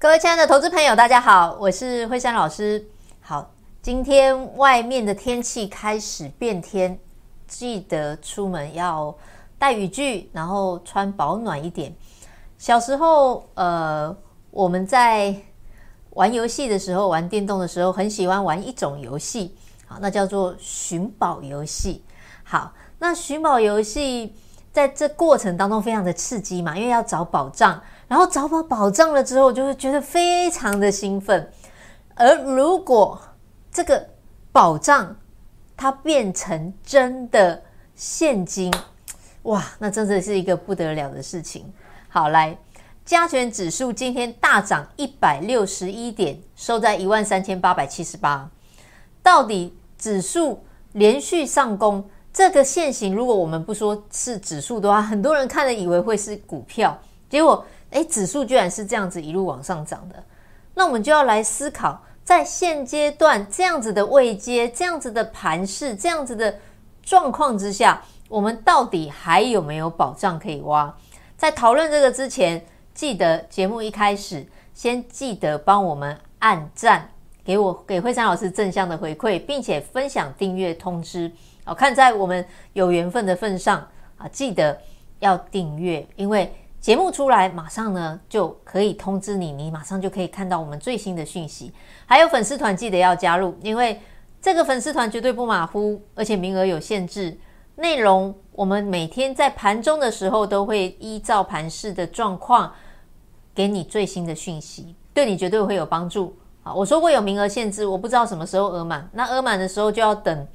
各位親愛的投資朋友，大家好，我是惠珊老師。好，今天外面的天氣開始變天，記得出門要帶雨具，然後穿保暖一點。小時候，呃，我們在玩遊戲的時候，玩電動的時候，很喜歡玩一種遊戲，好，那叫做尋寶遊戲。好，那尋寶遊戲在這過程當中非常的刺激嘛，因為要找寶藏。然後找到寶藏了之後，就會覺得非常的興奮。而如果這個寶藏它變成真的現金，哇，那真的是一個不得了的事情。好，來加權指數今天大漲一百六十一點，收在一萬三千八百七十八。到底指數連續上攻，這個線型，如果我們不說是指數的話，很多人看了以為會是股票，結果。誒，指數居然是這樣子一路往上漲的，那我們就要來思考，在現階段這樣子的位階、這樣子的盤勢、這樣子的狀況之下，我們到底還有沒有寶藏可以挖？在討論這個之前，記得節目一開始先記得幫我們按讚，給我給惠珊老師正向的回饋，並且分享訂閱通知。好、哦，看在我們有緣分的份上啊，記得要訂閱，因為。節目出來馬上呢就可以通知你，你馬上就可以看到我們最新的訊息。還有粉絲團記得要加入，因為這個粉絲團絕對不馬虎，而且名額有限制。內容我們每天在盤中的時候都會依照盤勢的狀況給你最新的訊息，對你絕對會有幫助。啊，我說過有名額限制，我不知道什麼時候額滿。那額滿的時候就要等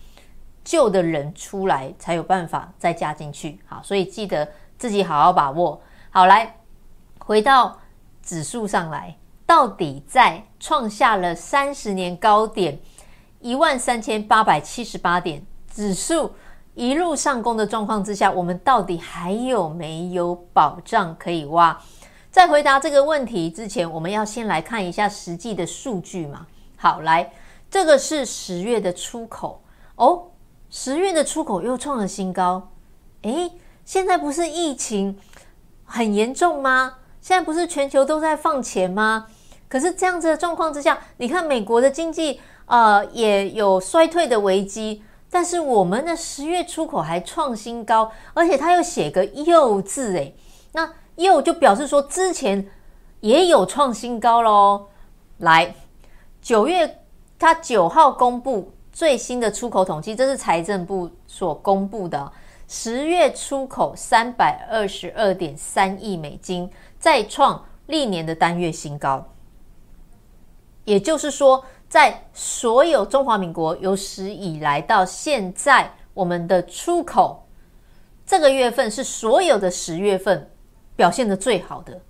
舊的人出來才有辦法再加進去。好，所以記得自己好好把握。好來，來回到指數上來，到底在創下了三十年高點一萬三千八百七十八點，指數一路上攻的狀況之下，我們到底還有沒有寶藏可以挖？在回答這個問題之前，我們要先來看一下實際的數據嘛。好，來這個是十月的出口哦，十月的出口又創了新高，誒，現在不是疫情。很嚴重嗎？現在不是全球都在放錢嗎？可是這樣子的狀況之下，你看美國的經濟，呃，也有衰退的危機。但是我們的十月出口還創新高，而且他又寫個“又”字，誒。那“又”就表示說之前也有創新高嘍。來，九月他九號公布最新的出口統計，這是財政部所公布的。十月出口三百二十二點三億美金，再創歷年的單月新高。也就是說，在所有中華民國有史以來到現在，我們的出口這個月份是所有的十月份表現得最好的。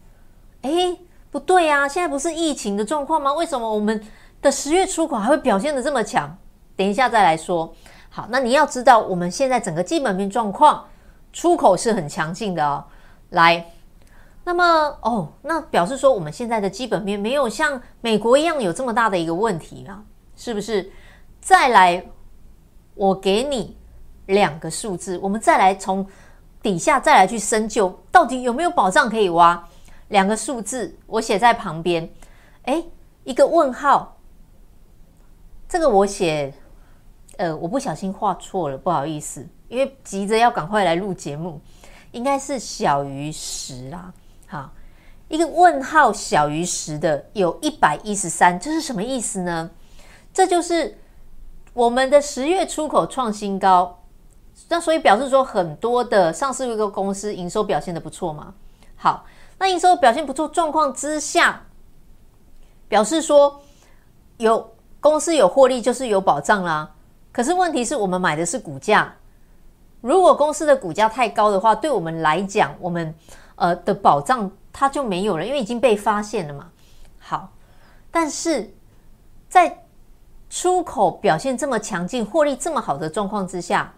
誒，不對啊，現在不是疫情的狀況嗎？為什麼我們的十月出口還會表現得這麼強？等一下再來說。好，那你要知道，我們現在整個基本面狀況出口是很強勁的哦。來，那麼哦，那表示說我們現在的基本面沒有像美國一樣有這麼大的一個問題啊，是不是？再來，我給你兩個數字，我們再來從底下再來去深究，到底有沒有寶藏可以挖？兩個數字我寫在旁邊，誒，一個問號，這個我寫。呃，我不小心畫錯了，不好意思，因為急着要趕快來錄節目，應該是小於十啦。好，一個問號小於十的有一百一十三，這是什麼意思呢？這就是我們的十月出口創新高，那所以表示說很多的上市一個公司營收表現得不錯嘛。好，那營收表現不錯狀況之下，表示說有公司有獲利就是有保障啦。可是問題是我們買的是股價，如果公司的股價太高的話，對我們來講，我們呃的保障它，就沒有了，因為已經被發現了嘛。好，但是在出口表現這麼強勁、獲利這麼好的狀況之下，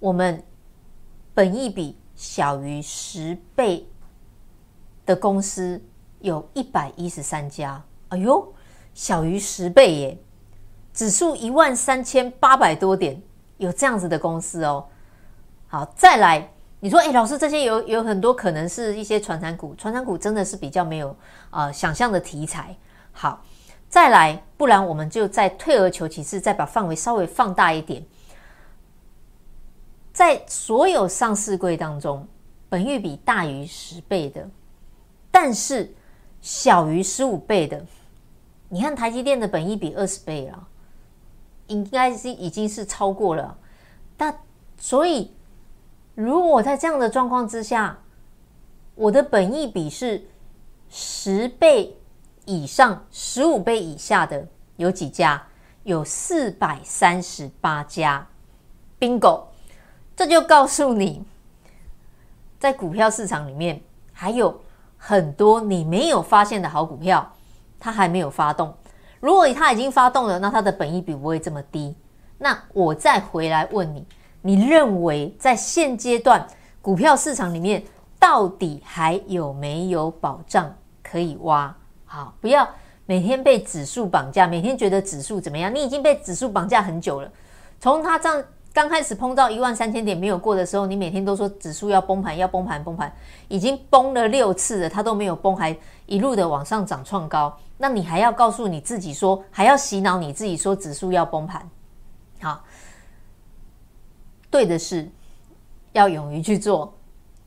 我們本益比小於十倍的公司有一百一十三家，哎呦，小於十倍耶。指數一萬三千八百多點，有這樣子的公司哦。好，再來，你說，哎，老師，這些有有很多可能是一些傳產股，傳產股真的是比較沒有啊、呃、想象的題材。好，再來，不然我們就再退而求其次，再把範圍稍微放大一點，在所有上市櫃當中，本益比大於十倍的，但是小於十五倍的，你看台積電的本益比二十倍啊。應該是已經是超過了，但所以如果在這樣的狀況之下，我的本益比是十倍以上，十五倍以下的有幾家？有四百三十八家，bingo！這就告訴你，在股票市場裡面還有很多你沒有發現的好股票，它還沒有發動。如果它已經發動了，那它的本益比不會這麼低。那我再回來問你，你認為在現階段股票市場裡面，到底還有沒有寶藏可以挖？好，不要每天被指數綁架，每天覺得指數怎麼樣？你已經被指數綁架很久了。從它這樣剛開始碰到一萬三千點沒有過的時候，你每天都說指數要崩盤，要崩盤，崩盤，已經崩了六次了，它都沒有崩，還一路的往上漲創高。那你還要告訴你自己說，還要洗腦你自己說指數要崩盤，好，對的是要勇於去做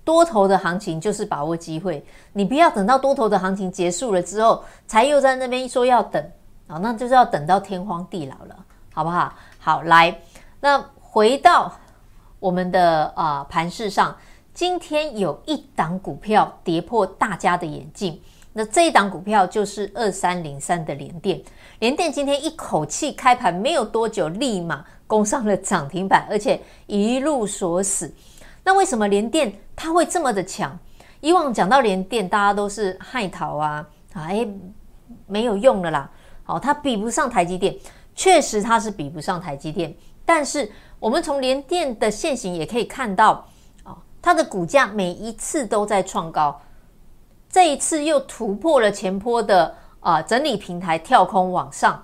多頭的行情，就是把握機會。你不要等到多頭的行情結束了之後，才又在那邊說要等啊，那就是要等到天荒地老了，好不好？好，來，那回到我們的啊盤勢上，今天有一檔股票跌破大家的眼鏡。那這一檔股票就是二三零三的聯電，聯電今天一口氣開盤沒有多久，立馬攻上了漲停板，而且一路鎖死。那為什麼聯電它會這麼的強？以往講到聯電，大家都是害逃啊，唉，哎，沒有用的啦。好、哦，它比不上台積電，確實它是比不上台積電。但是我們從聯電的線型也可以看到，啊、哦，它的股價每一次都在創高。這一次又突破了前波的啊、呃、整理平台，跳空往上，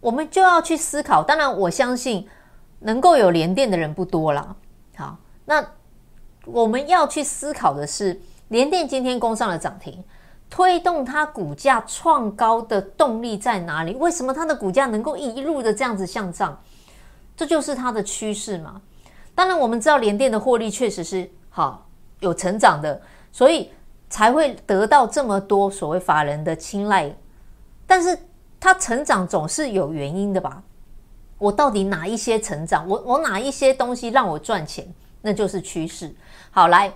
我們就要去思考。當然，我相信能夠有聯電的人不多了。好，那我們要去思考的是，聯電今天攻上了漲停，推動它股價創高的動力在哪裡？為什麼它的股價能夠一路的這樣子向上？這就是它的趨勢嘛。當然，我們知道聯電的獲利確實是好有成長的，所以。才會得到這麼多所謂法人的青睞，但是他成長總是有原因的吧？我到底哪一些成長？我我哪一些東西讓我賺錢？那就是趨勢。好，來，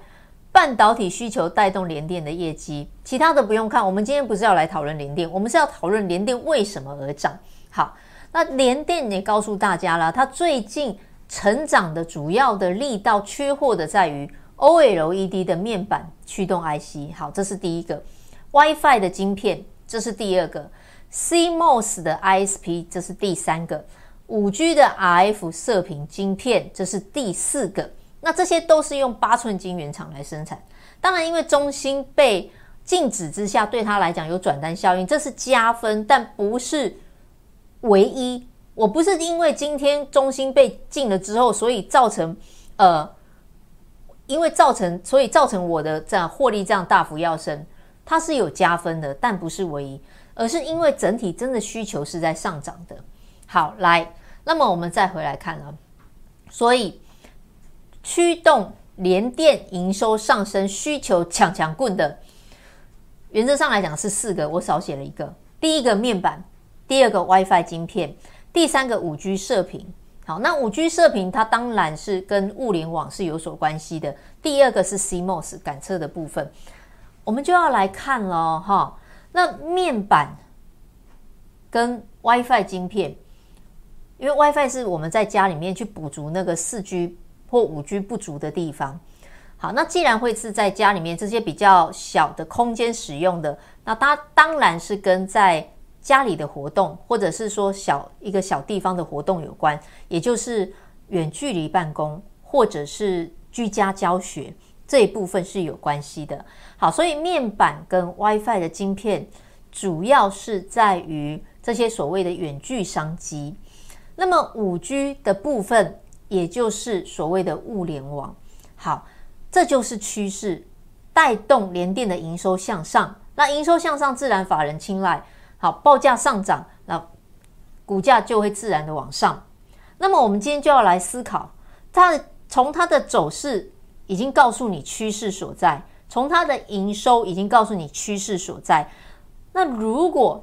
半導體需求帶動聯電的業績，其他的不用看。我們今天不是要來討論聯電，我們是要討論聯電為什麼而漲。好，那聯電也告訴大家了，他最近成長的主要的力道缺貨的在於。OLED 的面板驅動 IC，好，這是第一個；WiFi 的晶片，這是第二個；CMOS 的 ISP，這是第三個；五 G 的 RF 射頻晶片，這是第四個。那這些都是用八寸晶圓廠來生產。當然，因為中芯被禁止之下，對它來講有轉單效應，這是加分，但不是唯一。我不是因為今天中芯被禁了之後，所以造成呃。因為造成，所以造成我的這樣獲利這樣大幅躍升，它是有加分的，但不是唯一，而是因為整體真的需求是在上漲的。好，來，那麼我們再回來看了，所以驅動聯電營收上升，需求強強滾的原則上來講是四個，我少寫了一個。第一個面板，第二個 WiFi 晶片，第三個五 G 射頻。好，那五 G 射頻它當然是跟物聯網是有所關係的。第二個是 CMOS 感測的部分，我們就要來看咯。哈。那面板跟 WiFi 晶片，因為 WiFi 是我們在家裡面去補足那個四 G 或五 G 不足的地方。好，那既然會是在家裡面這些比較小的空間使用的，那它當然是跟在家裡的活動，或者是說小一個小地方的活動有關，也就是遠距離辦公或者是居家教學這一部分是有關係的。好，所以面板跟 WiFi 的晶片主要是在於這些所謂的遠距商機。那麼 5G 的部分，也就是所謂的物聯網。好，這就是趨勢，帶動聯電的營收向上。那營收向上，自然法人青睞。好，報價上漲，那股價就會自然的往上。那麼，我們今天就要來思考，它從它的走勢已經告訴你趨勢所在，從它的營收已經告訴你趨勢所在。那如果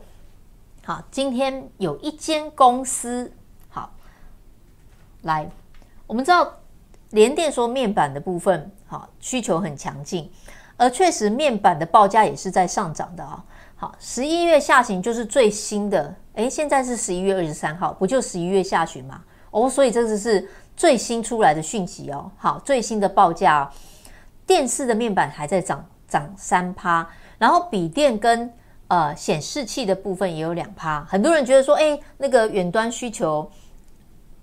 好，今天有一間公司好來，我們知道聯電說面板的部分好需求很強勁，而確實面板的報價也是在上漲的啊、哦。好，十一月下旬就是最新的。哎，現在是十一月二十三號，不就十一月下旬嗎？哦，所以這次是最新出來的訊息哦。好，最新的報價哦，電視的面板還在漲，漲三趴。然後筆電跟呃顯示器的部分也有兩趴。很多人覺得說，哎，那個遠端需求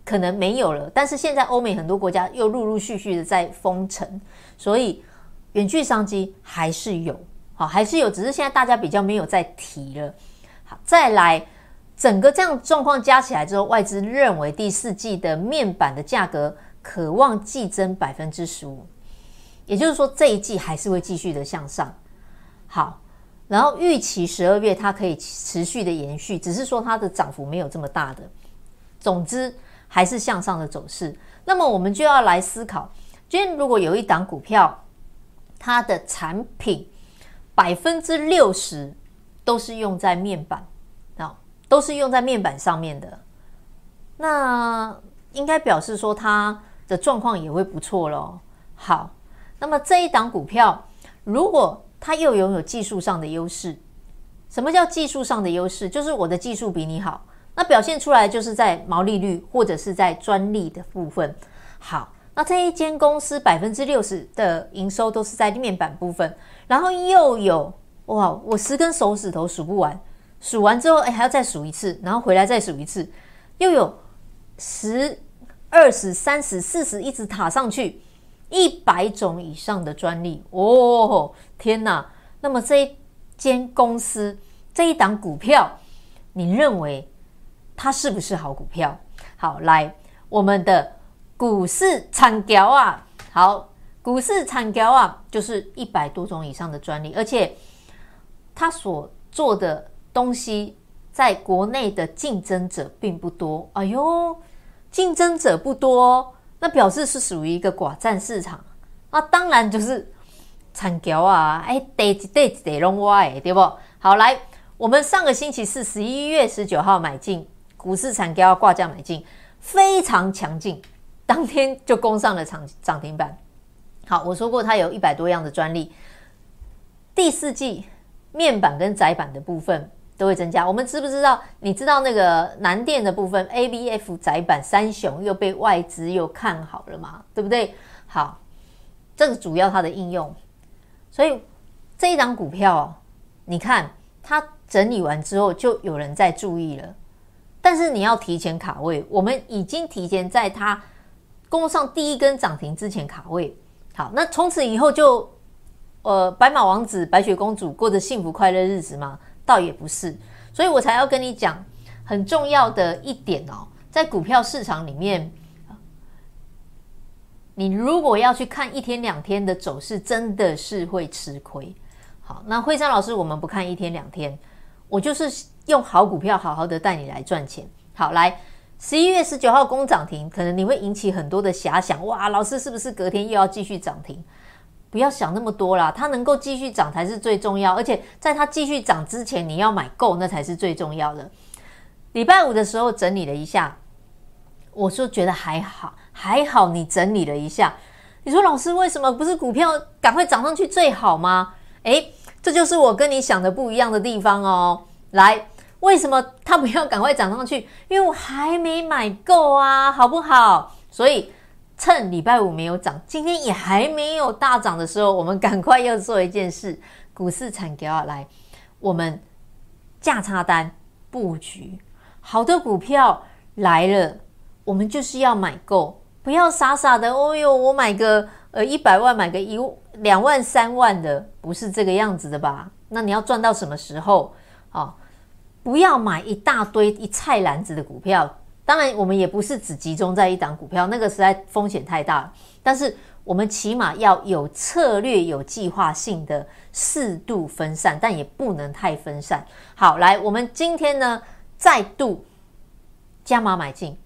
可能沒有了，但是現在歐美很多國家又陸陸續續的在封城，所以遠距商機還是有。好，還是有，只是現在大家比較沒有再提了。好，再來，整個這樣狀況加起來之後，外資認為第四季的面板的價格可望季增百分之十五，也就是說這一季還是會繼續的向上。好，然後預期十二月它可以持續的延續，只是說它的漲幅沒有這麼大的。總之還是向上的走勢。那麼我們就要來思考，今天如果有一檔股票，它的產品，百分之六十都是用在面板，啊，都是用在面板上面的。那應該表示說它的狀況也會不錯咯。好，那麼這一檔股票，如果它又擁有技術上的優勢，什麼叫技術上的優勢？就是我的技術比你好，那表現出來就是在毛利率或者是在專利的部分。好。那、啊、這一間公司百分之六十的營收都是在面板部分，然後又有哇，我十根手指頭數不完，數完之後哎還要再數一次，然後回來再數一次，又有十、二十、三十、四十，一直塔上去一百種以上的專利哦，天哪！那麼這一間公司這一檔股票，你認為它是不是好股票？好，來我們的。股市產條啊，好，股市產條啊，就是一百多種以上的專利，而且它所做的東西，在國內的競爭者並不多。哎喲競爭者不多、哦，那表示是屬於一個寡占市場。那、啊、當然就是產條啊，哎，得得得龍哇哎，對不？好，來，我們上個星期四，十一月十九號買進股市產條、啊、掛價買進，非常強勁。當天就攻上了漲漲停板。好，我說過它有一百多樣的專利。第四季面板跟載板的部分都會增加。我們知不知道？你知道那個南電的部分，ABF 載板三雄又被外資又看好了嘛？對不對？好，這個主要它的應用。所以這一檔股票，哦，你看它整理完之後，就有人在注意了。但是你要提前卡位，我們已經提前在它。攻上第一根漲停之前卡位，好，那從此以後就，呃，白馬王子、白雪公主過着幸福快樂日子嘛？倒也不是，所以我才要跟你講很重要的一點哦，在股票市場裡面，你如果要去看一天兩天的走勢，真的是會吃虧。好，那惠珊老師，我們不看一天兩天，我就是用好股票，好好的帶你來賺錢。好，來。十一月十九號，攻漲停，可能你會引起很多的遐想。哇，老師是不是隔天又要繼續漲停？不要想那麼多了，它能夠繼續漲才是最重要。而且在它繼續漲之前，你要買夠，那才是最重要的。禮拜五的時候整理了一下，我說覺得還好，還好，你整理了一下。你說老師為什麼不是股票趕快漲上去最好嗎？誒，這就是我跟你想的不一樣的地方哦。來。為什麼他不要趕快漲上去？因為我還沒買夠啊，好不好？所以趁禮拜五沒有漲，今天也還沒有大漲的時候，我們趕快要做一件事：股市慘給我。來，我們價差單佈局好的股票來了，我們就是要買夠，不要傻傻的。哦喲。我買個呃一百萬，買個一兩萬、三萬的，不是這個樣子的吧？那你要賺到什麼時候啊？不要買一大堆一菜籃子的股票，當然我們也不是只集中在一檔股票，那個實在風險太大了。但是我們起碼要有策略、有計劃性的適度分散，但也不能太分散。好，來，我們今天呢再度加碼買進，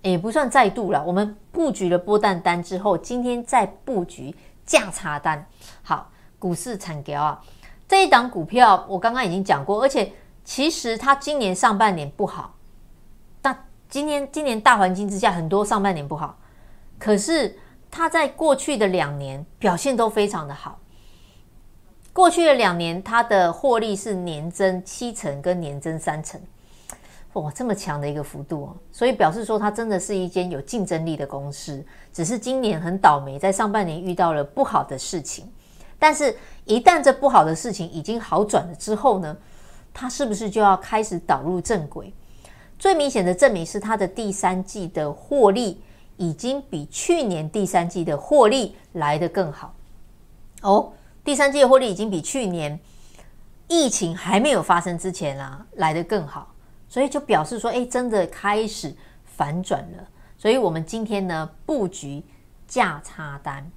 也不算再度了。我們布局了波段單之後，今天再布局價差單。好，股市田僑仔啊！這一檔股票我剛剛已經講過，而且。其實它今年上半年不好，那今年今年大環境之下，很多上半年不好，可是它在過去的兩年表現都非常的好。過去的兩年，它的獲利是年增七成跟年增三成，哇，這麼強的一個幅度哦、啊！所以表示說，它真的是一間有競爭力的公司。只是今年很倒霉，在上半年遇到了不好的事情，但是一旦這不好的事情已經好轉了之後呢？它是不是就要開始導入正軌？最明顯的證明是它的第三季的獲利已經比去年第三季的獲利來得更好哦。第三季的獲利已經比去年疫情還沒有發生之前啊來得更好，所以就表示說，誒，真的開始反轉了。所以我們今天呢布局價差單，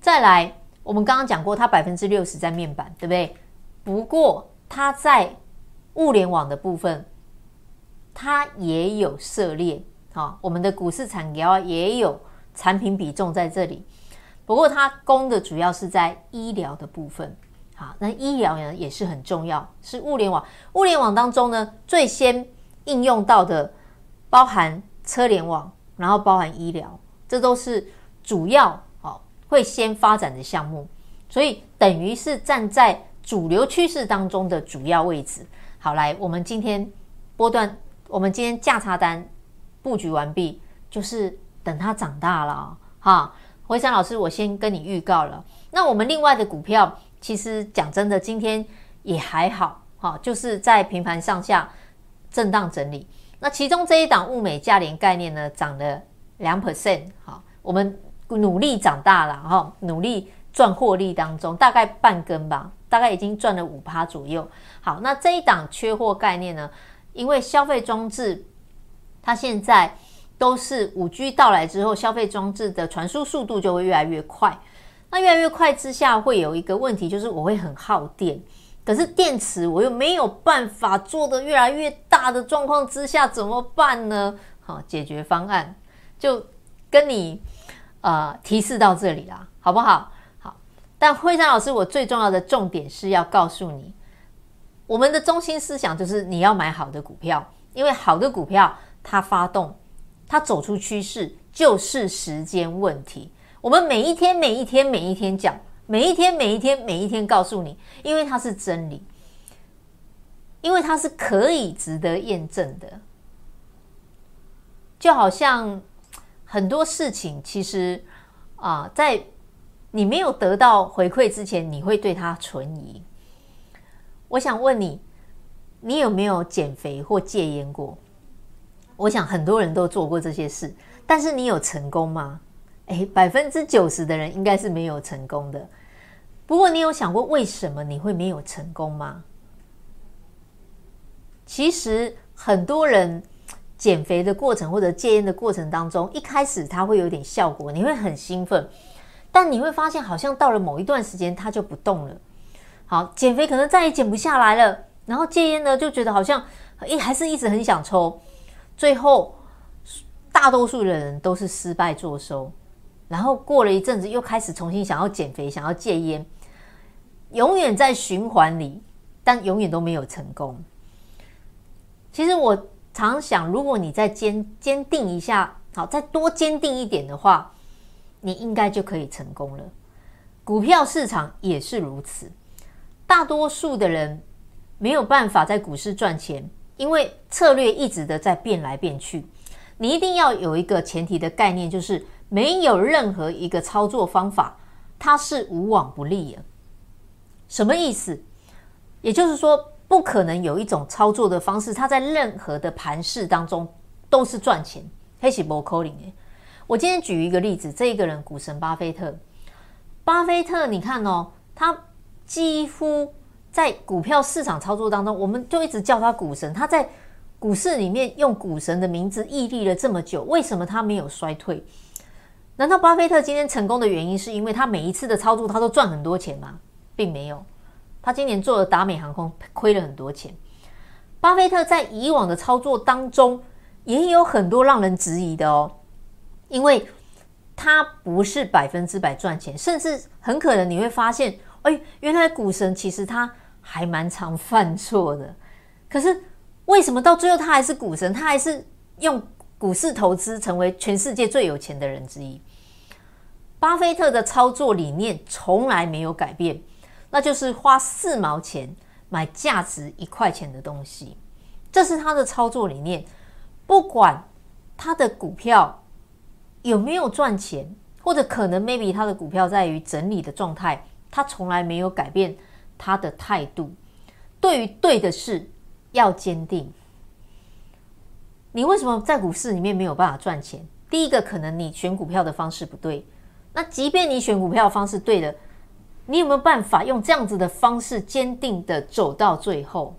再來，我們剛剛講過他60，它百分之六十在面板，對不對？不過它在物聯網的部分，它也有涉獵啊。我們的股市產業啊也有產品比重在這裡，不過它供的主要是在醫療的部分啊。那醫療呢也是很重要，是物聯網。物聯網當中呢，最先應用到的包含車聯網，然後包含醫療，這都是主要哦、啊、會先發展的項目。所以等於是站在主流趨勢當中的主要位置。好，來，我們今天波段，我們今天價差單布局完畢，就是等它長大了，哦，哈。回山老師，我先跟你預告了。那我們另外的股票，其實講真的，今天也還好，哈，就是在平盤上下震盪整理。那其中這一檔物美價廉概念呢，漲了兩 percent，哈，我們努力長大了，哈，努力賺獲利當中，大概半根吧。大概已經賺了五趴左右。好，那這一檔缺貨概念呢？因為消費裝置，它現在都是 5G 到來之後，消費裝置的傳輸速度就會越來越快。那越來越快之下，會有一個問題，就是我會很耗電。可是電池我又沒有辦法做得越來越大的狀況之下，怎麼辦呢？好，解決方案就跟你呃提示到這裡啦，好不好？但惠珊老師，我最重要的重點是要告訴你，我們的中心思想就是你要買好的股票，因為好的股票它發動、它走出趨勢就是時間問題。我們每一天、每一天、每一天講，每一天、每一天、每一天告訴你，因為它是真理，因為它是可以值得驗證的。就好像很多事情，其實啊，在。你沒有得到回饋之前，你會對他存疑。我想問你，你有沒有減肥或戒煙過？我想很多人都做過這些事，但是你有成功嗎？誒，百分之九十的人應該是沒有成功的。不過，你有想過為什麼你會沒有成功嗎？其實，很多人減肥的過程或者戒煙的過程當中，一開始他會有點效果，你會很興奮。但你會發現，好像到了某一段時間，它就不動了。好，減肥可能再也減不下來了。然後戒煙呢，就覺得好像一、欸、還是一直很想抽。最後，大多數的人都是失敗作收。然後過了一陣子，又開始重新想要減肥，想要戒煙，永遠在循環裡，但永遠都沒有成功。其實我常想，如果你再堅堅定一下，好，再多堅定一點的話。你應該就可以成功了。股票市場也是如此。大多數的人沒有辦法在股市賺錢，因為策略一直的在變來變去。你一定要有一個前提的概念，就是沒有任何一個操作方法它是無往不利的。什麼意思？也就是說，不可能有一種操作的方式，它在任何的盤勢當中都是賺錢。我今天舉一個例子，這一個人股神巴菲特。巴菲特，你看哦，他幾乎在股票市場操作當中，我們就一直叫他股神。他在股市裡面用股神的名字屹立了這麼久，為什麼他沒有衰退？難道巴菲特今天成功的原因是因為他每一次的操作他都賺很多錢嗎？並沒有，他今年做了達美航空，虧了很多錢。巴菲特在以往的操作當中也有很多讓人質疑的哦。因為他不是百分之百賺錢，甚至很可能你會發現，哎，原來股神其實他還蠻常犯錯的。可是為什麼到最後他還是股神？他還是用股市投資成為全世界最有錢的人之一。巴菲特的操作理念從來沒有改變，那就是花四毛錢買價值一塊錢的東西。這是他的操作理念，不管他的股票。有沒有賺錢？或者可能，maybe 他的股票在於整理的狀態，他從來沒有改變他的態度。對於對的事，要堅定。你為什麼在股市裡面沒有辦法賺錢？第一個可能你選股票的方式不對。那即便你選股票的方式對了，你有沒有辦法用這樣子的方式堅定的走到最後？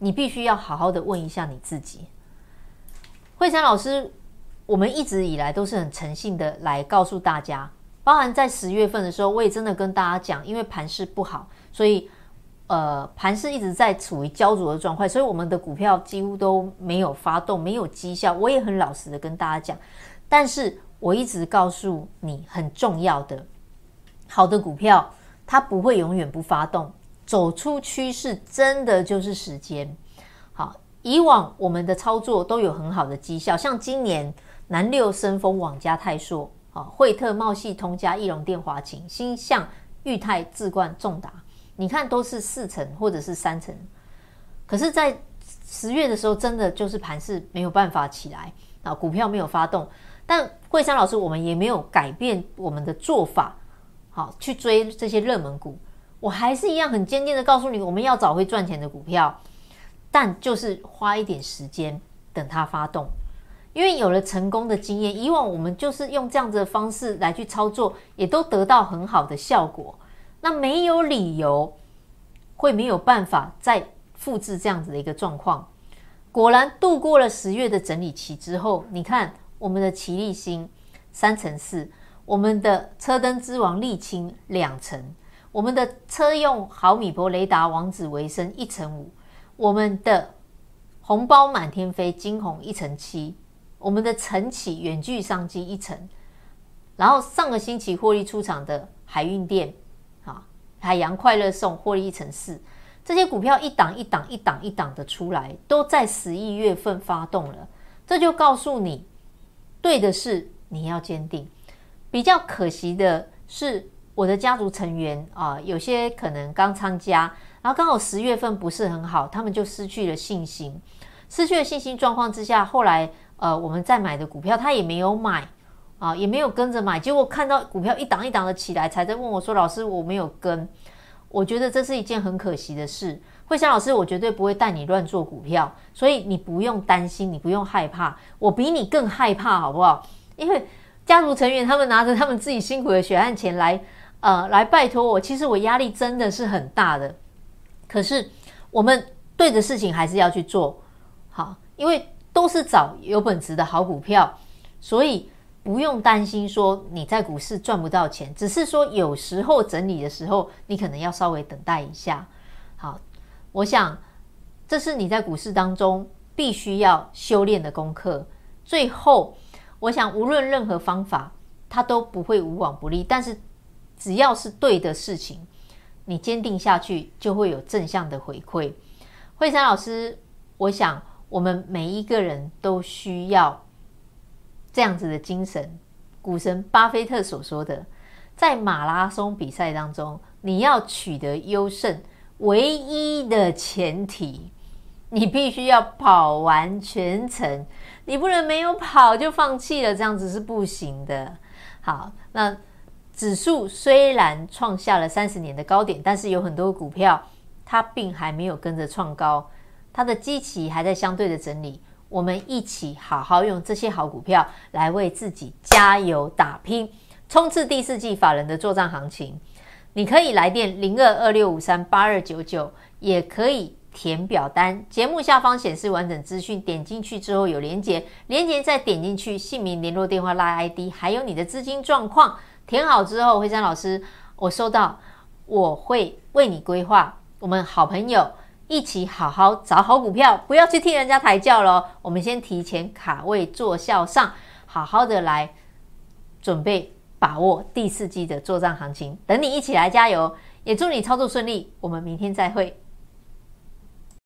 你必須要好好的問一下你自己，惠珊老師，我們一直以來都是很誠信的來告訴大家，包含在十月份的時候，我也真的跟大家講，因為盤勢不好，所以呃，盤勢一直在處於膠著的狀態，所以我們的股票幾乎都沒有發動，沒有績效。我也很老實的跟大家講，但是我一直告訴你很重要的，好的股票它不會永遠不發動，走出趨勢真的就是時間。好，以往我們的操作都有很好的績效，像今年。南六升風網加泰碩，啊，惠特茂系通加易隆電華擎星象裕泰智冠重達，你看都是四成或者是三成，可是，在十月的時候，真的就是盤勢沒有辦法起來啊，股票沒有發動。但惠珊老師，我們也沒有改變我們的做法，好，去追這些熱門股，我還是一樣很堅定的告訴你，我們要找會賺錢的股票，但就是花一點時間等它發動。因為有了成功的經驗，以往我們就是用這樣子的方式來去操作，也都得到很好的效果。那沒有理由會沒有辦法再複製這樣子的一個狀況。果然度過了十月的整理期之後，你看我們的奇力新三成四，我們的車燈之王麗清兩成，我們的車用毫米波雷達王之為升一成五，我們的紅包滿天飛驚鴻一成七。我們的晨起遠距商機一成，然後上個星期獲利出場的海運店，啊，海洋快樂送獲利一成四，這些股票一檔一檔一檔一檔、一檔的出來，都在十一月份發動了，這就告訴你，對的是你要堅定。比較可惜的是，我的家族成員啊，有些可能剛參加，然後剛好十月份不是很好，他們就失去了信心，失去了信心狀況之下，後來。呃，我們在買的股票，他也沒有買，啊，也沒有跟着買，結果看到股票一檔一檔的起來，才在問我說：“老師，我沒有跟。”我覺得這是一件很可惜的事。惠珊老師，我絕對不會帶你亂做股票，所以你不用擔心，你不用害怕，我比你更害怕，好不好？因為家族成員他們拿着他們自己辛苦的血汗錢來，呃，來拜托我，其實我壓力真的是很大的。可是我們對的事情還是要去做，好，因為。都是找有本質的好股票，所以不用擔心說你在股市賺不到錢，只是說有時候整理的時候你可能要稍微等待一下。好，我想這是你在股市當中必須要修煉的功課。最後，我想無論任何方法，它都不會無往不利，但是只要是對的事情，你堅定下去就會有正向的回饋。惠珊老師，我想。我們每一個人都需要這樣子的精神，股神巴菲特所說的，在馬拉松比賽當中，你要取得優勝，唯一的前提，你必須要跑完全程，你不能沒有跑就放棄了，這樣子是不行的。好，那指數雖然創下了三十年的高點，但是有很多股票它並還沒有跟着創高。它的基期還在相對的整理，我們一起好好用這些好股票來為自己加油打拼，衝刺第四季法人的作帳行情。你可以來電零二二六五三八二九九，也可以填表單。節目下方顯示完整資訊，點進去之後有連結，連結再點進去，姓名、聯絡電話、LINE ID，還有你的資金狀況，填好之後，惠珊老師，我收到，我會為你規劃。我們好朋友，一起好好找好股票，不要去替人家抬轎咯，我們先提前卡位坐轎上，好好的來準備把握第四季的作帳行情。等你一起來加油，也祝你操作順利。我們明天再會。